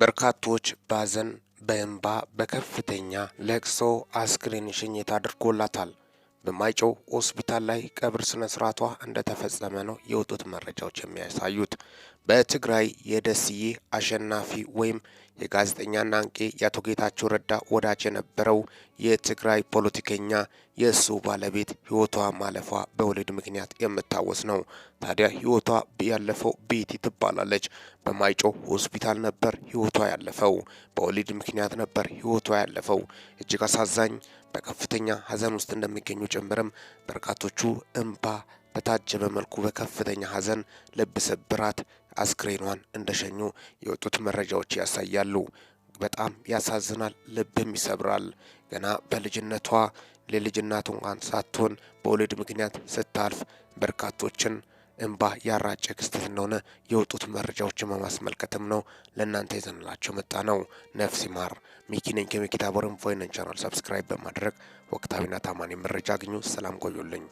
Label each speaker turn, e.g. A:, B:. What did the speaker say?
A: በርካቶች ባዘን በእንባ በከፍተኛ ለቅሶ አስክሬን ሽኝት አድርጎላታል። በማይጨው ሆስፒታል ላይ ቀብር ስነ ስርዓቷ እንደተፈጸመ ነው የወጡት መረጃዎች የሚያሳዩት። በትግራይ የደስዬ አሸናፊ ወይም የጋዜጠኛና አንቄ የአቶ ጌታቸው ረዳ ወዳጅ የነበረው የትግራይ ፖለቲከኛ የእሱ ባለቤት ህይወቷ ማለፏ በወሊድ ምክንያት የምታወስ ነው። ታዲያ ህይወቷ ያለፈው ቤቲ ትባላለች። በማይጮ ሆስፒታል ነበር ህይወቷ ያለፈው። በወሊድ ምክንያት ነበር ህይወቷ ያለፈው። እጅግ አሳዛኝ፣ በከፍተኛ ሀዘን ውስጥ እንደሚገኙ ጭምርም በርካቶቹ እንባ በታጀበ መልኩ በከፍተኛ ሀዘን ልብ ስብራት አስክሬኗን እንደሸኙ የወጡት መረጃዎች ያሳያሉ። በጣም ያሳዝናል፣ ልብም ይሰብራል። ገና በልጅነቷ ለልጅናት እንኳን ሳትሆን በወሊድ ምክንያት ስታልፍ በርካቶችን እንባ ያራጨ ክስተት እንደሆነ የወጡት መረጃዎችን በማስመልከትም ነው ለእናንተ ይዘንላቸው መጣ ነው። ነፍስ ይማር። ሚኪ ነኝ ከሚኪታቦርም ቮይነን ቻናል ሰብስክራይብ በማድረግ ወቅታዊና ታማኒ መረጃ አግኙ። ሰላም ቆዩልኝ።